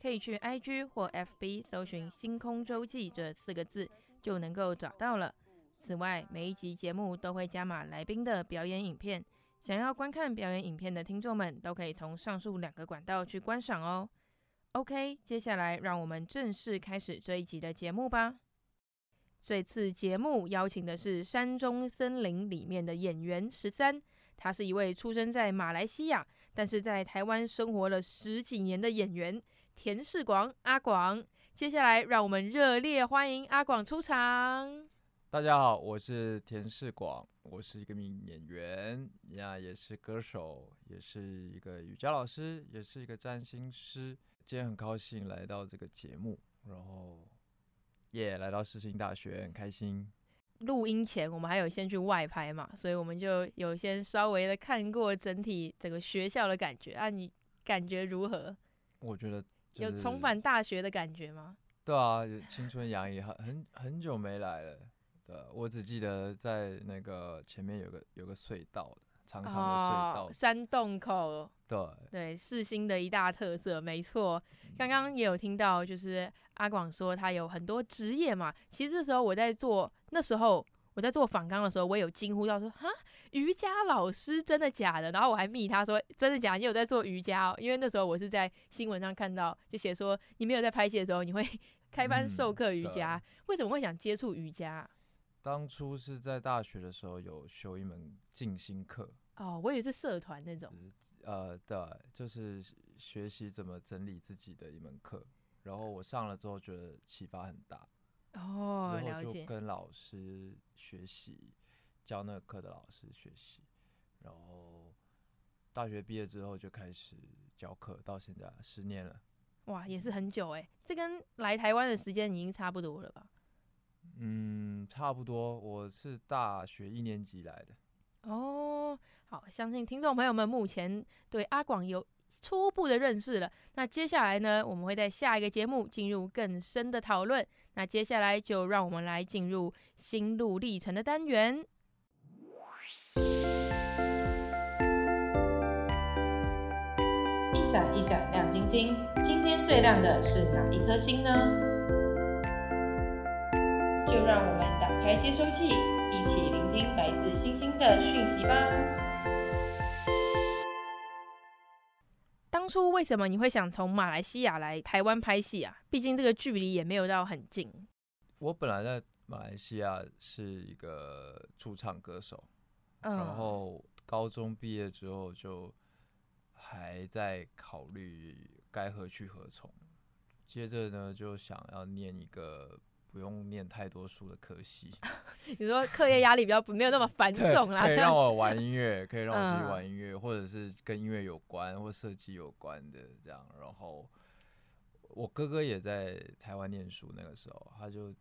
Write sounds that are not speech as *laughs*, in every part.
可以去 IG 或 FB 搜尋“星空週記”這四個字，就能夠找到了。此外，每一集節目都會加碼來賓的表演影片，想要觀看表演影片的聽眾們，都可以從上述兩個管道去觀賞哦。OK，接下來讓我們正式開始這一集的節目吧。這次節目邀請的是《山中森林》裡面的演員士廣，他是一位出生在馬來西亞，但是在台灣生活了十幾年的演員。田士廣，阿廣，接下來讓我們熱烈歡迎阿廣出場。大家好，我是田士廣，我是一個名演員，呀，也是歌手，也是一個瑜伽老師，也是一個占星師。今天很高興來到這個節目，然後也、yeah, 來到世新大學，很開心。錄音前我們還有先去外拍嘛，所以我們就有先稍微的看過整體整個學校的感覺啊，你感覺如何？我覺得。有重返大學的感覺嗎？就是、對啊，青春洋溢，很很很久沒來了。對，我只記得在那個前面有個有個隧道，長長的隧道，哦、山洞口。對對，世新的一大特色，沒錯。剛剛也有聽到，就是阿廣說他有很多職業嘛。其實這時那時候我在做那時候我在做訪剛的時候，我也有驚呼到說哈。瑜伽老師真的假的？然後我還密他說真的假的，你有在做瑜伽哦？因為那時候我是在新聞上看到，就寫說你沒有在拍戲的時候，你會開班授課瑜伽，嗯。為什麼會想接觸瑜伽？當初是在大學的時候有修一門靜心課哦，我以為是社團那種，就是。呃，對，就是學習怎麼整理自己的一門課。然後我上了之後覺得啟發很大哦，然後就跟老師學習。哦教那個課的老師學習，然後大學畢業之後就開始教課，到現在十年了。哇，也是很久哎，這跟來台灣的時間已經差不多了吧？嗯，差不多。我是大學一年級來的。哦，好，相信聽眾朋友們目前對阿廣有初步的認識了。那接下來呢，我們會在下一個節目進入更深的討論。那接下來就讓我們來進入心路歷程的單元。閃一閃，亮晶晶，今天最亮的是哪一顆星呢？就讓我們打開接收器，一起聆聽來自星星的訊息吧。當初為什麼你會想從馬來西亞來台灣拍戲啊？畢竟這個距離也沒有到很近。我本來在馬來西亞是一個駐唱歌手，嗯，然後高中畢業之後就。還在考慮該何去何從，接着呢就想要念一個不用念太多書的科系。 *laughs* 你說課業壓力比較沒有那麼繁重啦。 *laughs* 可以讓我玩音樂，可以讓我去玩音樂，嗯，或者是跟音樂有關或設計有關的這樣。然後我哥哥也在台灣念書，那個時候他就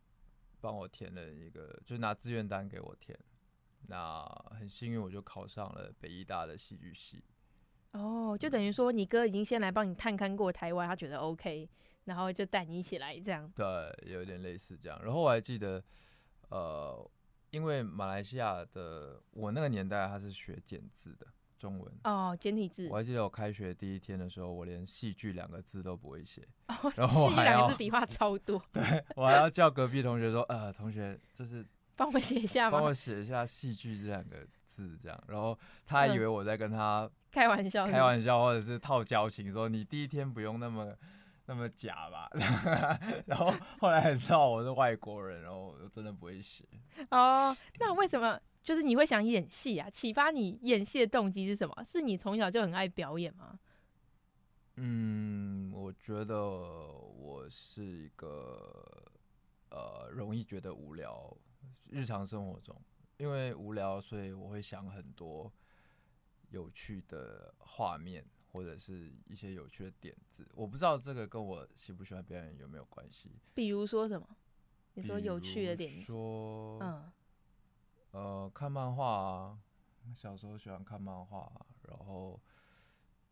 幫我填了一個，就拿志願單給我填。那很幸運，我就考上了北藝大的戲劇系。哦、oh,，就等於說你哥已經先來幫你探勘過台灣，他覺得 OK，然後就帶你一起來這樣。對，有一點類似這樣。然後我還記得，呃，因為馬來西亞的我那個年代他是學簡字的中文。哦、oh,，簡體字。我還記得我開學第一天的時候，我連“戲劇”兩個字都不會寫。哦、oh,，然後我還要，兩個字筆畫超多。 *laughs* 對，我還要叫隔壁同學說：“呃，同學，就是幫我寫一下嗎？幫我寫一下‘戲劇’這兩個字。”是這樣，然後他還以為我在跟他開玩笑，開玩笑或者是套交情，說你第一天不用那麼那麼假吧。 *laughs* 然後後來還知道我是外國人，然後我就真的不會寫。哦，那為什麼就是你會想演戲啊？啟發你演戲的動機是什麼？是你從小就很愛表演嗎？嗯，我覺得我是一個呃，容易覺得無聊，日常生活中。因為無聊，所以我會想很多有趣的畫面，或者是一些有趣的點子。我不知道這個跟我喜不喜歡表演有沒有關係。比如說什麼？你說有趣的點子？說嗯，呃，看漫畫啊，小時候喜歡看漫畫啊，然後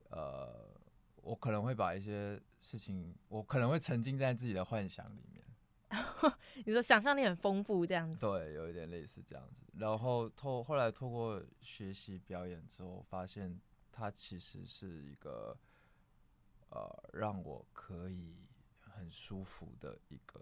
呃，我可能會把一些事情，我可能會沉浸在自己的幻想裡面。 *laughs* 你說想象力很豐富這樣子，對，有一點類似這樣子。然後透後來透過學習表演之後，發現它其實是一個呃讓我可以很舒服的一個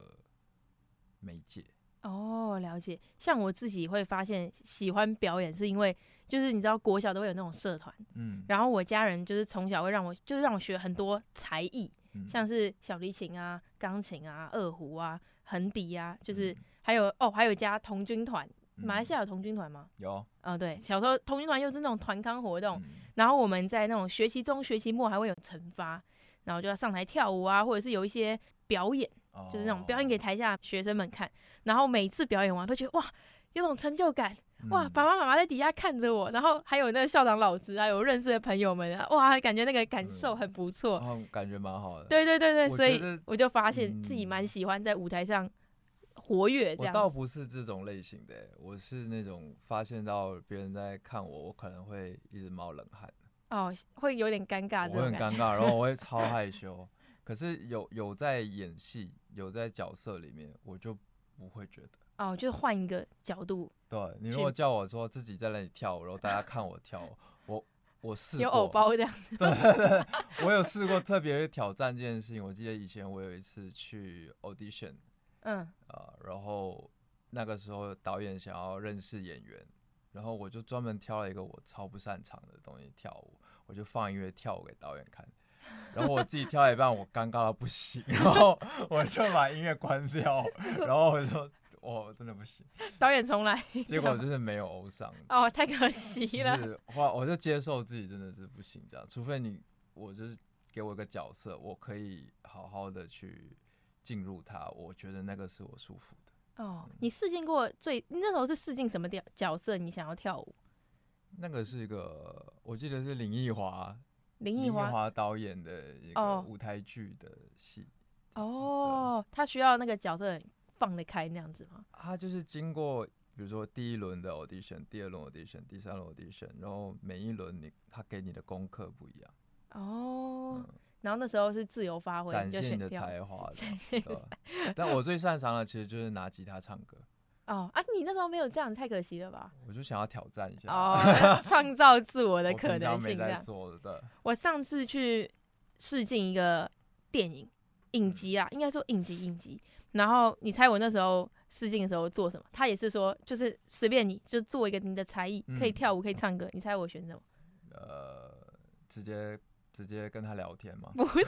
媒介。哦，了解。像我自己會發現，喜歡表演是因為就是你知道國小都會有那種社團，嗯，然後我家人就是從小會讓我就是讓我學很多才藝，嗯，像是小提琴啊、鋼琴啊、二胡啊。橫笛啊，就是還有、嗯、哦，還有加童軍團。馬來西亞有童軍團嗎？有。嗯、哦，對，小時候童軍團又是那種團康活動、嗯，然後我們在那種學期中、學期末還會有懲罰，然後就要上台跳舞啊，或者是有一些表演，哦、就是那種表演給台下學生們看。然後每次表演完都覺得哇，有種成就感。哇，爸爸媽媽在底下看着我，然後還有那個校長老師啊，有認識的朋友們，啊，哇，感覺那個感受很不錯，嗯，然後感覺蠻好的。對對對對，所以我就發現自己蠻喜歡在舞台上活躍。這樣，我倒不是這種類型的，我是那種發現到別人在看我，我可能會一直冒冷汗。哦，會有點尷尬這，我很尷尬，然後我會超害羞。 *laughs* 可是有有在演戲，有在角色裡面，我就不會覺得。哦，就換一個角度。對，你如果叫我說自己在那裡跳舞，然後大家看我跳舞 *laughs* 我，我我試過有偶包這樣。 *laughs* 對對對，我有試過特別挑戰這件事情。我記得以前我有一次去 audition，嗯啊、呃，然後那個時候導演想要認識演員，然後我就專門挑了一個我超不擅長的東西跳舞，我就放音樂跳舞給導演看，然後我自己跳了一半， *laughs* 我尷尬到不行，然後我就把音樂關掉， *laughs* 然後我說。哦，真的不行，導演重來。結果就是沒有歐上。哦，太可惜了。我我就接受自己真的是不行這樣，除非你，我就是給我一個角色，我可以好好的去進入它，我覺得那個是我舒服的。哦，嗯。你試鏡過最你那時候是試鏡什麼角角色？你想要跳舞？那個是一個，我記得是林奕華，林奕華導演的一個舞台劇的戲，哦。哦，他需要那個角色，放得開那樣子嗎？他就是經過，比如說第一輪的 audition、第二輪 audition、第三輪 audition，然後每一輪你他給你的功課不一樣。哦、嗯，然後那時候是自由發揮，展現你的才華。才 *laughs* 但我最擅長的其實就是拿吉他唱歌。哦啊，你那時候沒有這樣，太可惜了吧？我就想要挑戰一下，創、哦、 *laughs* 造自我的可能性我做。我上次去試鏡一個電影影集啊、嗯，應該說影集影集。然後你猜我那時候試鏡的時候做什麼？他也是說，就是隨便你就做一個你的才藝，可以跳舞，可以唱歌。你猜我選什麼？嗯？呃，直接。直接跟他聊天嗎？不是，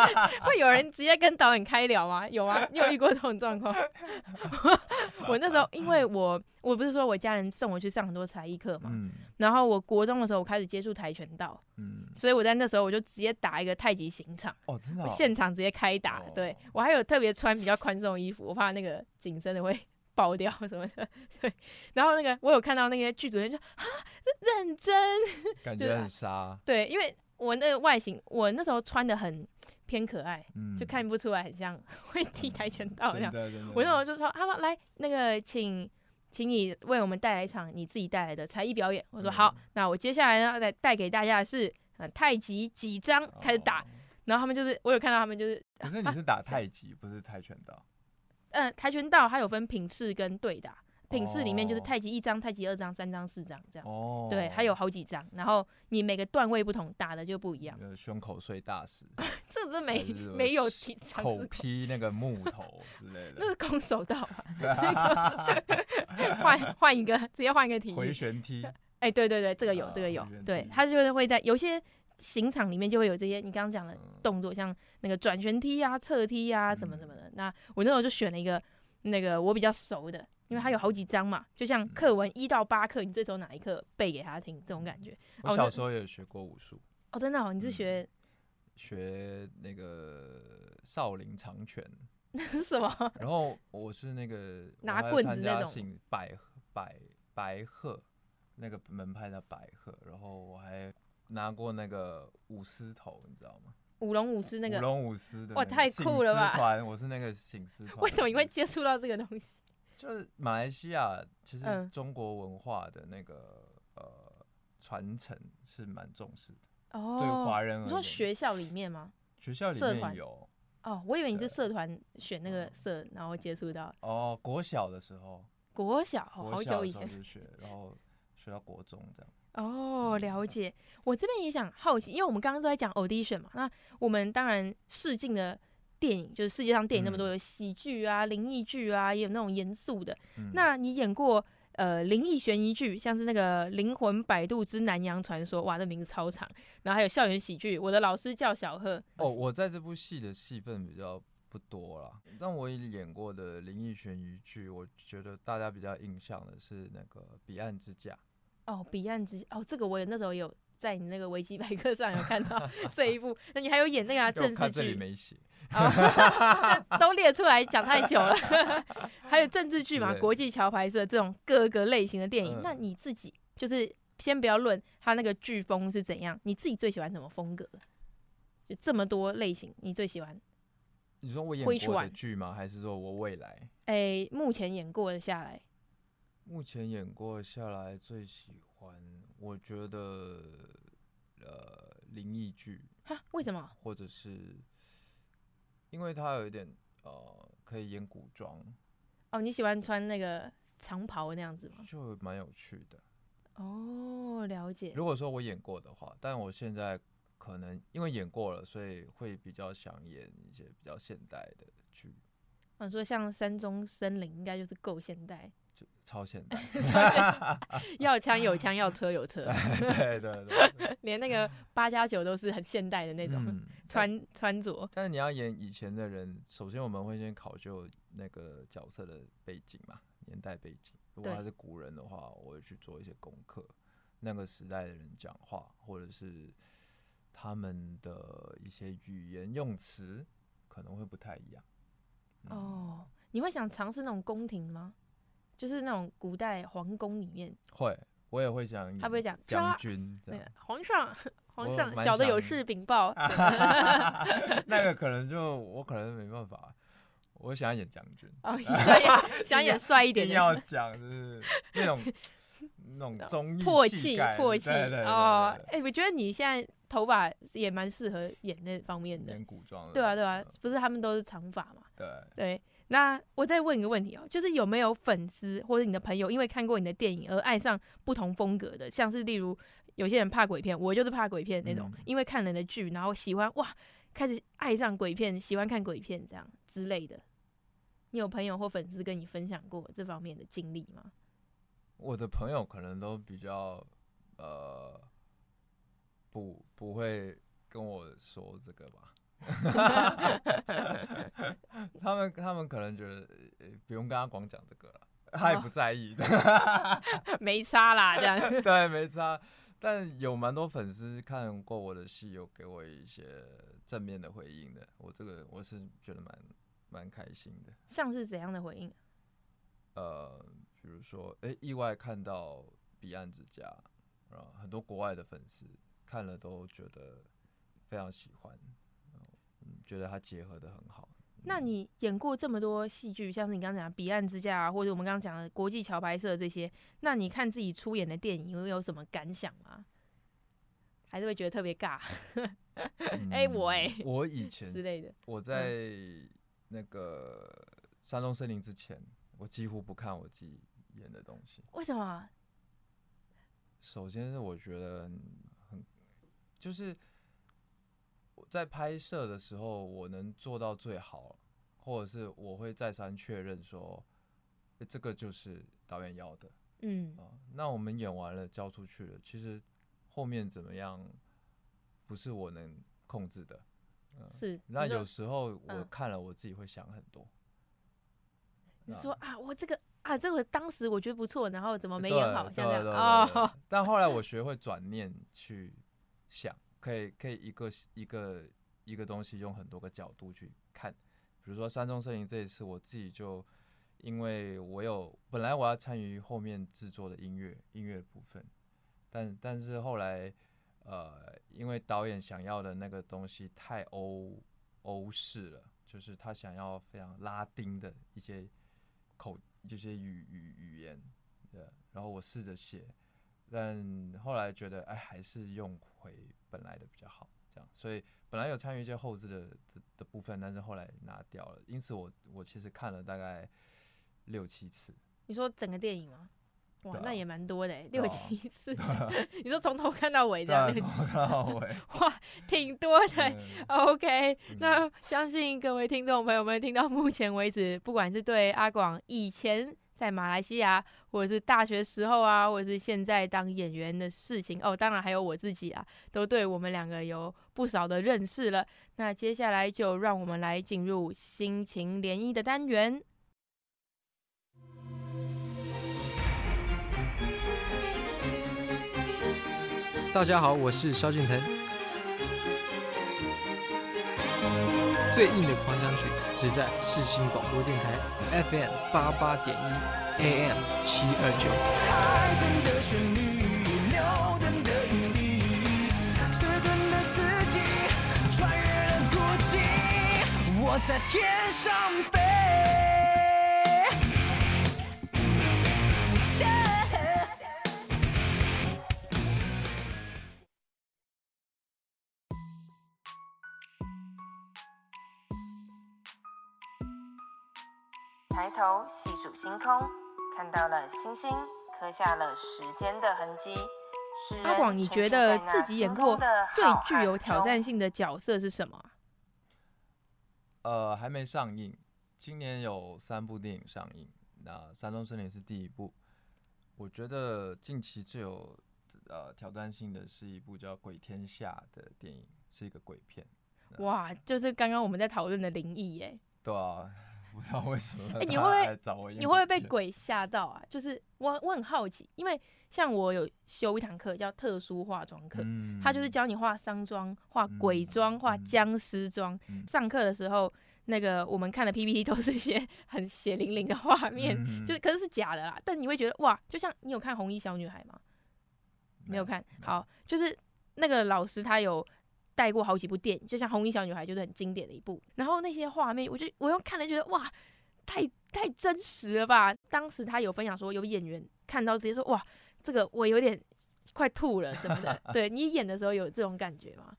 *laughs* 會有人直接跟導演開聊嗎？ *laughs* 有啊，你有遇過這種狀況？ *laughs* 我那時候，因為我我不是說我家人送我去上很多才藝課嘛、嗯，然後我國中的時候，我開始接觸跆拳道，嗯，所以我在那時候我就直接打一個太極刑場，哦，真的、哦，現場直接開打，對，我還有特別穿比較寬鬆的衣服，我怕那個緊身的會爆掉什麼的，對。然後那個我有看到那些劇組人就啊，認真，感覺很殺 *laughs* 對，對，因為。我那個外形，我那時候穿得很偏可愛、嗯，就看不出來很像會踢跆拳道那樣。 *laughs* 我那時候就說：“他、啊、們來，那個請，請你為我們帶來一場你自己帶來的才藝表演。”我說、嗯：“好，那我接下來要來帶給大家的是呃太極，幾張開始打。哦”然後他們就是，我有看到他們就是，可是你是打太極、啊、不是跆拳道？嗯、呃，跆拳道它有分品勢跟對打、啊。品質裡面就是太極一張、哦，太極二張、三張、四張這樣、哦，對，還有好幾張。然後你每個段位不同，打的就不一樣。胸口碎大石， *laughs* 這是沒沒有體操，口口口劈那個木頭之類的， *laughs* 那是空手道。換 *laughs* 換 *laughs* *laughs* 一個，直接換一個體回旋踢。哎、欸，對對對，這個有、啊、這個有，對他就是會在有些刑場裡面就會有這些你剛剛講的動作，嗯、像那個轉旋踢啊、側踢啊什麼什麼的。嗯、那我那時候就選了一個那個我比較熟的。因為他有好幾章嘛，就像課文一到八課、嗯，你最熟哪一課背給他聽，這種感覺。我小時候也有學過武術哦，哦真的哦，你是學、嗯、學那個少林長拳？那是什麼？然後我是那個拿棍子，我還參加白那種白白白鶴那個門派的白鶴，然後我還拿過那個舞獅頭，你知道嗎？舞龍舞獅那個舞龍舞獅的哇，太酷了吧！團，我是那個醒獅團。為什麼你會接觸到這個東西？就是馬來西亞，其實中國文化的那個呃傳承是蠻重視的，嗯、對華人而言、哦、你說學校裡面嗎？學校裡面有。哦，我以為你是社團選那個社，嗯、然後接觸到。哦，國小的時候。國小，哦、好久以前學，然後學到國中這樣。哦，了解。嗯、我這邊也想好奇，因為我們剛剛都在講 audition 嘛，那我們當然試鏡的。電影就是世界上電影那麼多，有喜劇啊、靈異劇啊，也有那種嚴肅的、嗯。那你演過呃靈異懸疑劇，像是那個《靈魂擺渡之南洋傳說》，哇，這名字超長。然後還有校園喜劇，《我的老師叫小賀》。哦，我在這部戲的戲份比較不多了，但我演過的靈異懸疑劇，我覺得大家比較印象的是那個《彼岸之嫁》哦，《彼岸之》哦，這個我也那時候有。在你那個維基百科上有看到這一部。 *laughs* 那你還有演那個政治劇沒寫、哦、 *laughs* *laughs* 那都列出來講太久了， *laughs* 還有政治劇嘛，國際橋牌社這種各個類型的電影，呃、那你自己就是先不要論他那個劇風是怎樣，你自己最喜歡什麼風格？就這麼多類型，你最喜歡？你說我演過的劇嗎喜？還是說我未來？哎、欸，目前演過的下來，目前演過下來最喜歡。我覺得，呃，靈異劇哈。為什麼？或者是，因為它有一點呃，可以演古裝。哦，你喜歡穿那個長袍那樣子嗎？就蠻有趣的。哦，了解。如果說我演過的話，但我現在可能因為演過了，所以會比較想演一些比較現代的劇。啊，你說像《山中森林》應該就是夠現代。就超現代， *laughs* *laughs* 要槍有槍，要槍有槍，要車有車，對對對，連那個八加九都是很現代的那種、嗯、穿穿着。但是你要演以前的人，首先我們會先考究那個角色的背景嘛，年代背景。如果他是古人的話，我會去做一些功課，那個時代的人講話或者是他們的一些語言用詞可能會不太一樣。哦、嗯，oh, 你會想嘗試那種宮廷嗎？就是那種古代皇宮裡面會，我也會想，他不會講將軍，皇上，皇上，小的有事稟報。 *laughs* 對吧 *laughs* *laughs* *laughs* 那個可能就我可能沒辦法，我想要演將軍，哦， *laughs* 想演想演帥一點的，一要講就是那種那種破氣破氣啊！哎、哦欸，我覺得你現在頭髮也蠻適合演那方面的，演古裝的，對啊對啊，不是他們都是長髮嘛？對對。那我再問一個問題哦，就是有沒有粉絲或者你的朋友，因為看過你的電影而愛上不同風格的？像是例如有些人怕鬼片，我就是怕鬼片那種，Mm-hmm. 因為看人的劇，然後喜歡哇，開始愛上鬼片，喜歡看鬼片這樣之類的。你有朋友或粉絲跟你分享過這方面的經歷嗎？我的朋友可能都比較呃，不不會跟我說這個吧。 *laughs* *laughs* 他們他們可能覺得、欸，不用跟他光講這個了，他也不在意，哦，沒差啦，這樣子。 *laughs* 對，沒差。但有蠻多粉絲看過我的戲，有給我一些正面的回應的，我這個我是覺得蠻蠻開心的。像是怎樣的回應？呃，比如說，哎，欸，意外看到彼岸之家，然後很多國外的粉絲看了都覺得非常喜歡。覺得它結合得很好。那你演過這麼多戲劇，像是你剛剛講《彼岸之家》啊或者我們剛剛講的《國際橋牌社》這些，那你看自己出演的電影，有有什麼感想嗎？還是會覺得特別尬？哎、嗯， *laughs* 欸我哎、欸，我以前之類的，我在那個《山中森林》之前、嗯，我幾乎不看我自己演的東西。為什麼？首先是我覺得很就是。在拍攝的時候，我能做到最好，或者是我會再三確認說、欸，這個就是導演要的。嗯，嗯，那我們演完了交出去了，其實後面怎麼樣，不是我能控制的、嗯，是。那有時候我看了，我自己會想很多。你說、嗯、你說啊，我這個啊，這個當時我覺得不錯，然後怎麼沒演好？像這樣，哦，但後來我學會轉念去想。可以可以一個一個一個東西用很多個角度去看，比如說《山中森林》這一次，我自己就因為我有本來我要參與後面制作的音樂音樂部分，但但是後來呃，因為導演想要的那個東西太歐歐式了，就是他想要非常拉丁的一些口這些語語語言，呃，然後我試着寫。但後來覺得，哎，還是用回本來的比較好，這樣。所以本來有參與一些後製的的，的部分，但是後來拿掉了。因此我，我我其實看了大概六七次。你說整個電影嗎？哇，啊、那也蠻多的、啊，六七次。啊、 *laughs* 你說從頭看到尾這樣？啊、 *laughs* 從頭看到尾。哇，挺多的、嗯。OK，嗯、那相信各位聽眾朋友們聽到目前為止，不管是對阿廣以前，在馬來西亞，或者是大學時候啊，或者是現在當演員的事情，哦，當然還有我自己啊，都對我們兩個有不少的認識了。那接下來就讓我們來進入心情漣漪的單元。大家好，我是蕭敬騰。最硬的狂想曲，只在世新廣播電臺，FM 八八點一，AM 七二九。愛星空看到了星星，刻下了時間的痕跡。阿廣，你覺得自己演過最具有挑戰性的角色是什麼？呃，還沒上映。今年有三部電影上映，那《山中森林》是第一部。我覺得近期最有呃挑戰性的是一部叫《鬼天下》的電影，是一個鬼片。哇，就是剛剛我們在討論的靈異耶。對啊。不知道為什麼，欸，你會不會你會不會被鬼嚇到啊？ *laughs* 就是我，我很好奇，因為像我有修一堂課叫特殊化妝課，嗯，他就是教你畫喪妝、畫鬼妝、畫，嗯、僵屍妝、嗯，上課的時候，那個我們看的 PPT 都是些很血淋淋的畫面，嗯，就是可是是假的啦。但你會覺得哇，就像你有看紅衣小女孩嗎？沒有，沒有看沒有。好，就是那個老師他有。帶過好幾部電影，就像《紅衣小女孩》就是很經典的一部。然後那些畫面，我就我又看了，覺得哇，太太真實了吧？當時他有分享說，有演員看到直接說：“哇，這個我有點快吐了什麼的，是不是？” *laughs* 對，你演的時候有這種感覺嗎？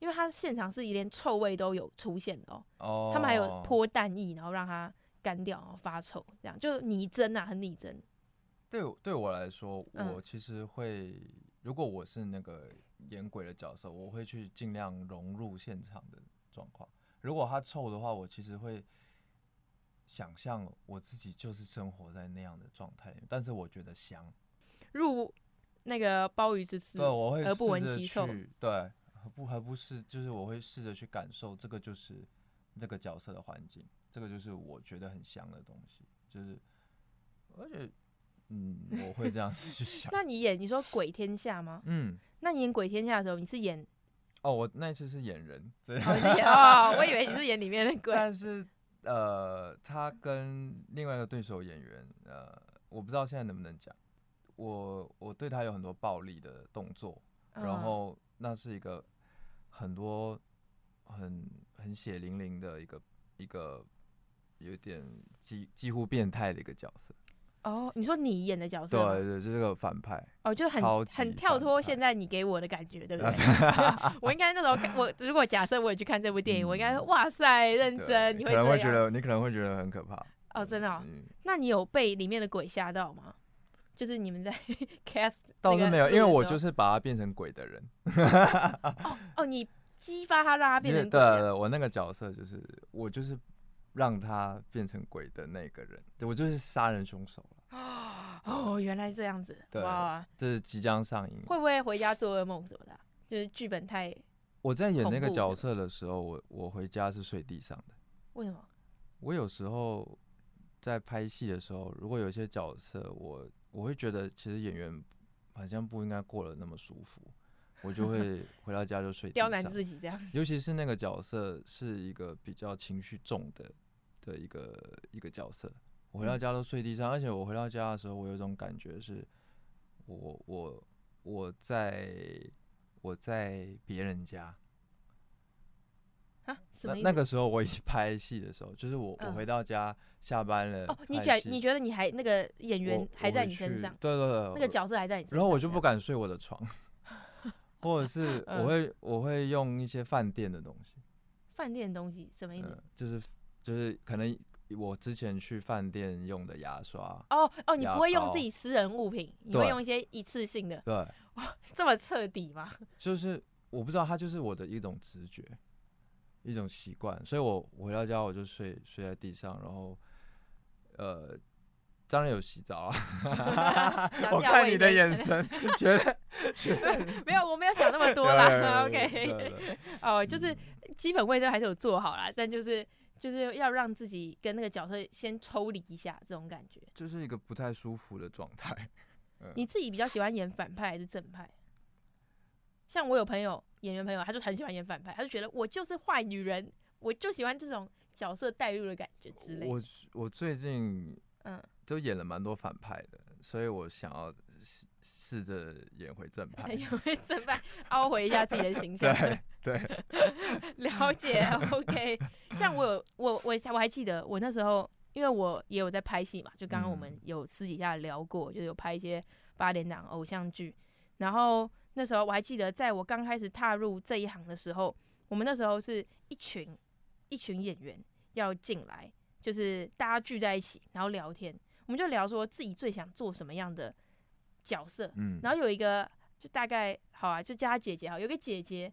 因為他現場是己連臭味都有出現的哦。Oh, 他們還有脫蛋液，然後讓它乾掉，然後發臭，這樣就擬真啊，很擬真。對對我來說，我其實會。嗯如果我是那個演鬼的角色，我會去儘量融入現場的狀況。如果他臭的話，我其實會想象我自己就是生活在那樣的狀態裡面。但是我覺得香，入那個鮑魚之肆，對，我會試着去，而不聞其臭，對，不，還不是，就是我會試着去感受，這個就是那個角色的環境，這個就是我覺得很香的東西，就是而且。我覺得嗯，我會這樣子去想。 *laughs* 那你演，你說《鬼天下》嗎？嗯，那你演《鬼天下》的時候，你是演……哦，我那一次是演人。所以 *laughs* 哦，我以為你是演裡面的鬼。但是，呃，他跟另外一個對手演員，呃，我不知道現在能不能講。我，我對他有很多暴力的動作，然後那是一個很多很很血淋淋的一個一個有一點幾幾乎變態的一個角色。哦、oh,，你說你演的角色？對,對對，就是個反派。哦、oh,，就很很跳脫。現在你給我的感覺，對不對？ *laughs* *laughs* 我應該那時候，我如果假設我也去看這部電影，嗯、我應該說：哇塞，認真。你會可能會覺得，你可能會覺得很可怕。哦、oh, 嗯，真的、哦嗯？那你有被裡面的鬼嚇到嗎？就是你們在 cast。倒是沒有、那個，因為我就是把他變成鬼的人。哦哦，你激發他，讓他變成鬼的、就是。對對對，我那個角色就是我就是。讓他變成鬼的那個人，對，我就是殺人兇手。哦，原來這樣子，對，哇，哇！這是即將上映，會不會回家做噩夢什麼的啊？就是劇本太……我在演那個角色的時候，我我回家是睡地上的。為什麼？我有時候在拍戲的時候，如果有些角色，我我會覺得其實演員好像不應該過得那麼舒服，我就會回到家就睡地上。 *laughs* 刁難自己這樣，尤其是那個角色是一個比較情緒重的。的一個一個角色，我回到家都睡地上、嗯，而且我回到家的時候，我有一種感覺是，我我我在我在別人家啊？那那個時候我一拍戲的時候，就是我、嗯、我回到家下班了、嗯、哦。你覺你覺得你還那個演員還在你身上？對對對，那個角色還在你身上。然後我就不敢睡我的床， *laughs* 或者是我會、嗯、我會用一些飯店的東西，飯店的東西什麼意思？嗯、就是。就是可能我之前去飯店用的牙刷哦哦，你不會用自己私人物品，你會用一些一次性的。對，哇，這麼徹底嗎？就是我不知道，他就是我的一種直覺，一種習慣。所以我，我回到家我就睡睡在地上，然後呃，當然有洗澡啊。 *laughs* *laughs* *laughs* 我看你的眼神， *laughs* 覺得覺得沒有，我沒有想那麼多啦。 *laughs* OK， *laughs* 哦，就是基本衛生還是有做好啦、嗯，但就是。就是要讓自己跟那個角色先抽離一下，這種感覺，就是一個不太舒服的狀態。 *laughs* 你自己比較喜歡演反派還是正派？像我有朋友，演員朋友，他就很喜歡演反派，他就覺得我就是壞女人，我就喜歡這種角色帶入的感覺之類的。我我最近嗯，就演了蠻多反派的，所以我想要。試着演回正派，演回正派，凹回一下自己的形象。 *laughs* 對，對， *laughs* 了解。OK，像我有我我我還記得，我那時候，因為我也有在拍戲嘛，就剛剛我們有私底下聊過，嗯、就有拍一些八點檔偶像劇。然後那時候我還記得，在我剛開始踏入這一行的時候，我們那時候是一群一群演員要進來，就是大家聚在一起，然後聊天，我們就聊說自己最想做什麼樣的。角色、嗯，然後有一個就大概好啊，就叫她姐姐好，有個姐姐，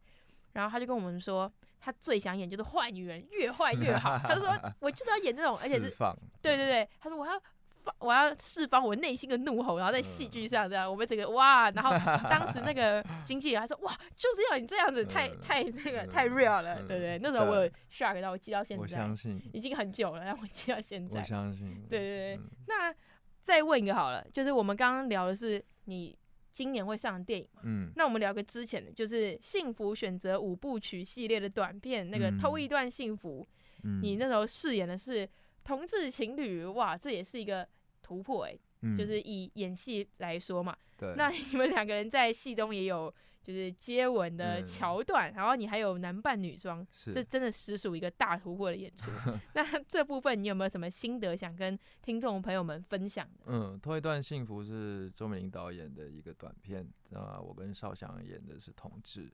然後她就跟我們說，她最想演就是壞女人，越壞越好。她 *laughs* 說，我就是要演這種，而且是，放對對對，她說我要放，我要釋放我內心的怒吼，然後在戲劇上這樣，嗯、我們整個哇，然後當時那個經紀人他說， *laughs* 哇，就是要你這樣子，太太那個太 real 了，嗯嗯、對不對？那時候我有 shock 到，我記到現在，我相信已經很久了，讓我記到現在，相信，對對對，嗯、那。再問一個好了，就是我們剛剛聊的是你今年會上的電影嘛？嗯，那我們聊個之前的，就是《幸福選擇五部曲》系列的短片，那個偷一段幸福。嗯，你那時候飾演的是同志情侶，哇，這也是一個突破欸，嗯，就是以演戲來說嘛。對。那你們兩個人在戲中也有。就是接吻的橋段，嗯，然後你還有男扮女裝是，這真的實屬一個大突破的演出。 *laughs* 那這部分你有沒有什麼心得想跟聽眾朋友們分享？嗯，推一段幸福是周美玲導演的一個短片，嗯，啊，我跟邵翔演的是同志。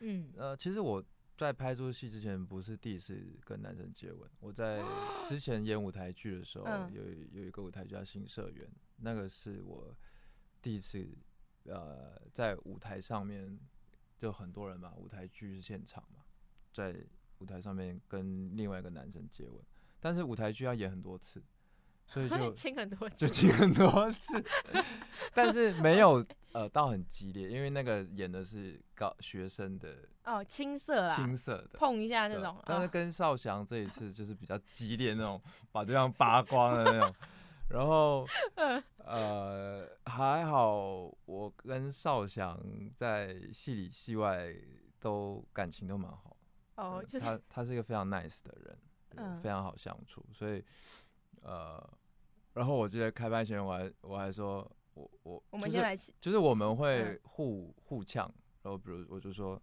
嗯，呃，其實我在拍出戲之前，不是第一次跟男生接吻。我在之前演舞台劇的時候，有有一個舞台劇叫《新社員》，嗯，那個是我第一次。呃，在舞台上面就很多人嘛，舞台劇是現場嘛，在舞台上面跟另外一個男生接吻，但是舞台劇要演很多次，所以就親很多次，就親很多次 *laughs* *laughs* 但是沒有、okay. 呃，到很激烈，因為那個演的是高學生的哦，oh, 青澀啦，青澀的碰一下那種，嗯，但是跟少祥這一次就是比較激烈那種， *laughs* 把對方扒光的那種。 *laughs* *laughs* 然後，呃，還好，我跟少祥在戲裡戲外都感情都蠻好。哦、oh, 就是，他，他是一個非常 nice 的人，uh, 非常好相處。所以，呃，然後我記得開拍前我還我還說，我我，我們先來、就是，就是我們會互、uh, 互嗆。然後比如我就說，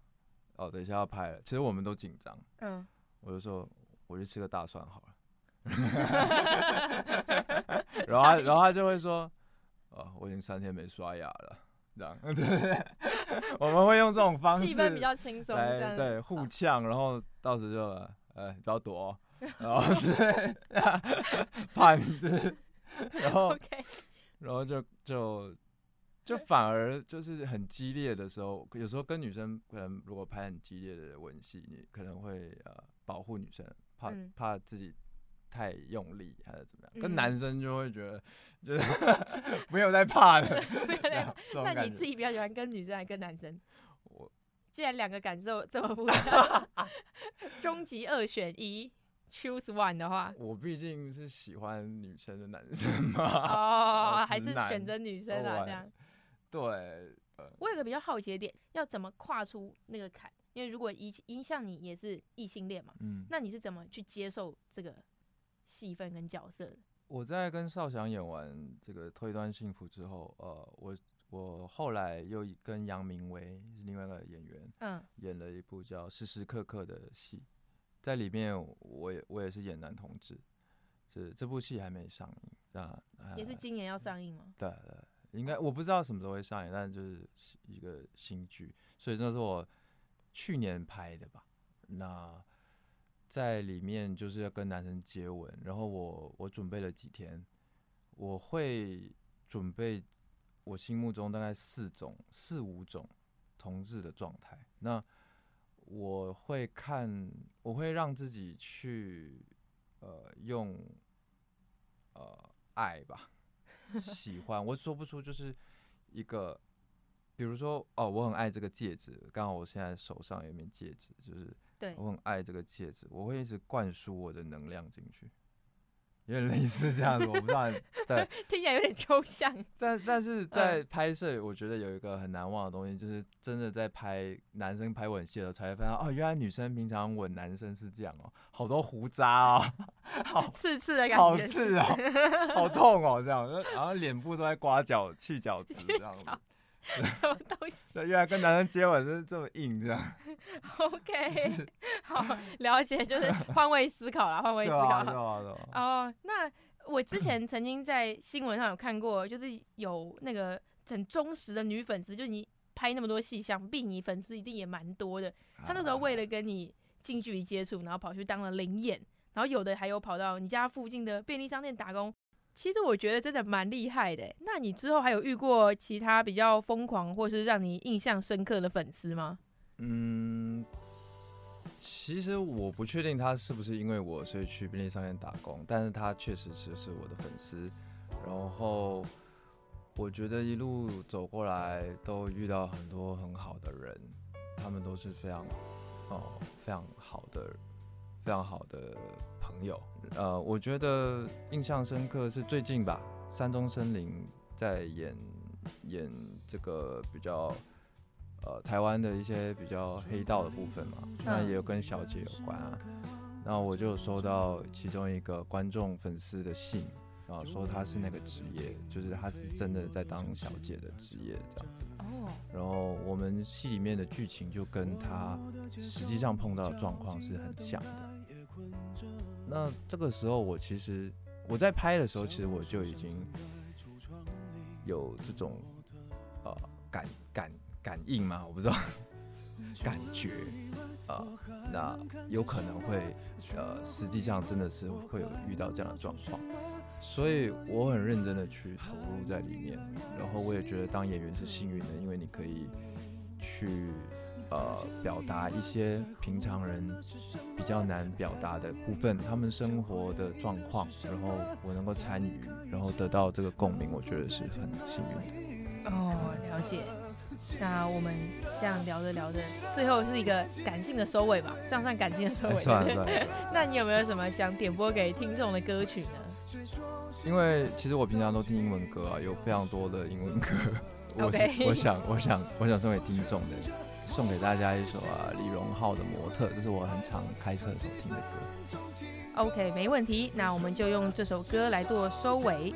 哦，等一下要拍了，其實我們都緊張。嗯、uh，我就說我去吃個大蒜好了。 *laughs* 然後，然後他就會說：“哦，我已經三天沒刷牙了。”這樣，對，我們會用這種方式來對互嗆，然後到時就呃、哎，不要躲、哦，然後對，怕你對、就是，然後，然後就就就，就反而就是很激烈的時候，有時候跟女生可能如果拍很激烈的吻戲，你可能會呃保護女生，怕怕自己。太用力還是怎麼樣？跟、嗯、男生就會覺得就是沒有在怕的。沒有在怕。 *laughs* 那你自己比較喜歡跟女生還是跟男生？我既然兩個感受這麼不一樣，終 *laughs* 極 *laughs* 二選一 *laughs* choose one 的話，我畢竟是喜歡女生的男生嘛。哦，還是選擇女生啊？這樣對、呃。我有個比較好奇的點，要怎麼跨出那個坎？因為如果一向你也是異性戀嘛，嗯，那你是怎麼去接受這個？戲份跟角色。我在跟邵翔演完這個《推斷幸福》之後，呃，我我後來又跟楊明威是另外一個演員，嗯，演了一部叫《時時刻刻》的戲，在裡面我也我也是演男同志。這部戲還沒上映啊、呃，也是今年要上映嗎？嗯、對，對，對，應該我不知道什麼時候會上映，但是就是一個新劇，所以那是我去年拍的吧？那。在裡面就是要跟男生接吻，然後我我準備了幾天，我會準備我心目中大概四種四五種同志的狀態。那我會看，我會讓自己去呃用呃愛吧，喜歡， *laughs* 我說不出就是一個，比如說哦，我很愛這個戒指，剛好我現在手上有一枚戒指，就是。我很愛這個戒指，我會一直灌輸我的能量進去，有點類似這樣子。我不知道， *laughs* 對，聽起來有點抽象。 *laughs* 但但是在拍攝，我覺得有一個很難忘的東西，嗯、就是真的在拍男生拍吻戲的時候，才會發現哦，原來女生平常吻男生是這樣哦，好多鬍渣哦，好刺刺的感覺，好刺啊，哦， *laughs* 好痛哦，這樣，然後臉部都在刮角去角，去角質。去 *laughs* 什麼東西？ *laughs* 跟男生接吻是這麼硬，這樣 *laughs* OK，好，了解，就是換位思考了，換 *laughs* 位思考哦，啊啊啊 oh, 那我之前曾經在新聞上有看過， *laughs* 就是有那個很忠實的女粉絲，就是你拍那麼多戲，想必你粉絲一定也蠻多的。她那時候為了跟你近距離接觸，然後跑去當了臨演，然後有的還有跑到你家附近的便利商店打工。其實我覺得真的蠻厲害的。那你之後還有遇過其他比較瘋狂或是讓你印象深刻的粉絲嗎？嗯，其實我不確定他是不是因為我所以去便利商店打工，但是他確實是是我的粉絲。然後我覺得一路走過來都遇到很多很好的人，他們都是非常哦，呃，非常好的人。非常好的朋友，呃，我覺得印象深刻是最近吧，山中森林在演演這個比較呃台灣的一些比較黑道的部分嘛，那也有跟小姐有關啊，然後我就收到其中一個觀眾粉絲的信，然後，啊，說他是那個職業，就是他是真的在當小姐的職業這樣子。然後我們戲裡面的劇情就跟他實際上碰到的狀況是很像的。那這個時候，我其實我在拍的時候，其實我就已經有這種呃感感感應嘛，我不知道。感覺，啊、呃，那有可能會，呃，實際上真的是會有遇到這樣的狀況，所以我很認真的去投入在裡面，然後我也覺得當演員是幸運的，因為你可以去，呃，表達一些平常人比較難表達的部分，他們生活的狀況，然後我能夠參與，然後得到這個共鳴，我覺得是很幸運的。哦，了解。那我們這樣聊着聊着，最後是一個感性的收尾吧，這樣算感性的收尾。欸、算算。 *laughs* 那你有沒有什麼想點播給聽眾的歌曲呢？因為其實我平常都聽英文歌啊，有非常多的英文歌。OK， *laughs* 我，我想，我想，我想送給聽眾的，送給大家一首啊，李榮浩的《模特》，這是我很常開車的時候聽的歌。OK，沒問題，那我們就用這首歌來做收尾。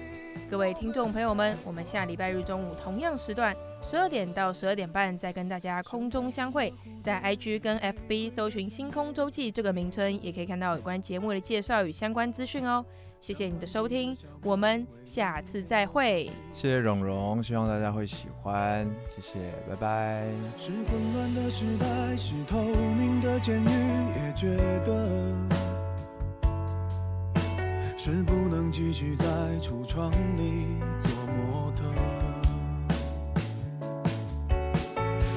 各位聽眾朋友們，我們下禮拜日中午同樣時段。十二點到十二點半再跟大家空中相會，在 IG 跟 FB 搜尋“星空週記”這個名稱，也可以看到有關節目的介紹與相關資訊哦。謝謝你的收聽，我們下次再會。謝謝蓉蓉，希望大家會喜歡。謝謝，拜拜。是是是混亂的的時代，是透明的監獄，也覺得是不能繼續在櫥窗裡做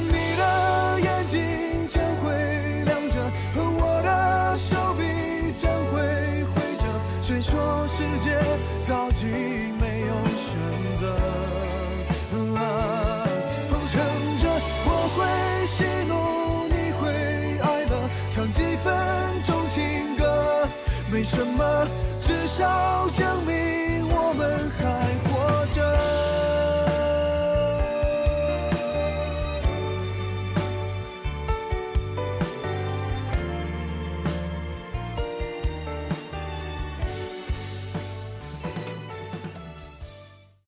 你的眼睛。